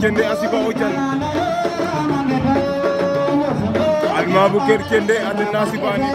Cende Asiba Ocal Alma bu Kër Cende ànd na Asiba ni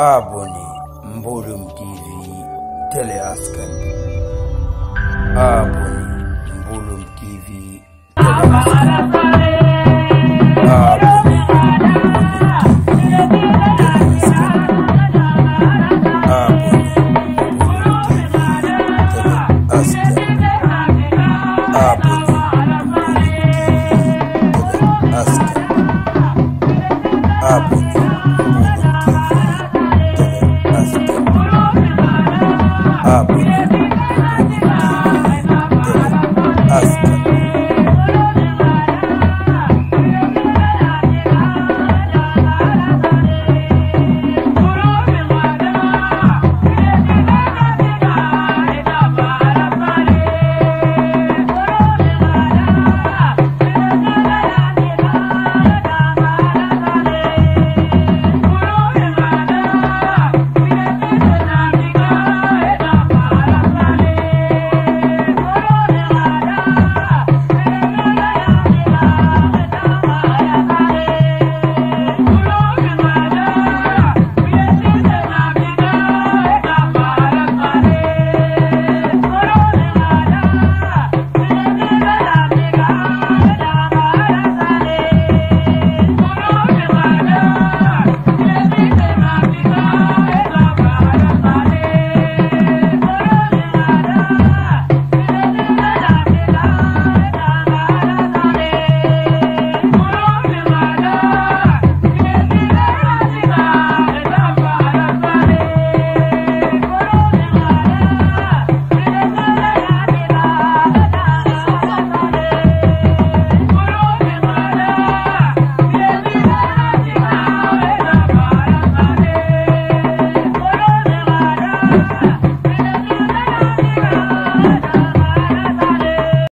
abone Mborum TV Teleascan. abone Mborum TV Teleascan. Gracias.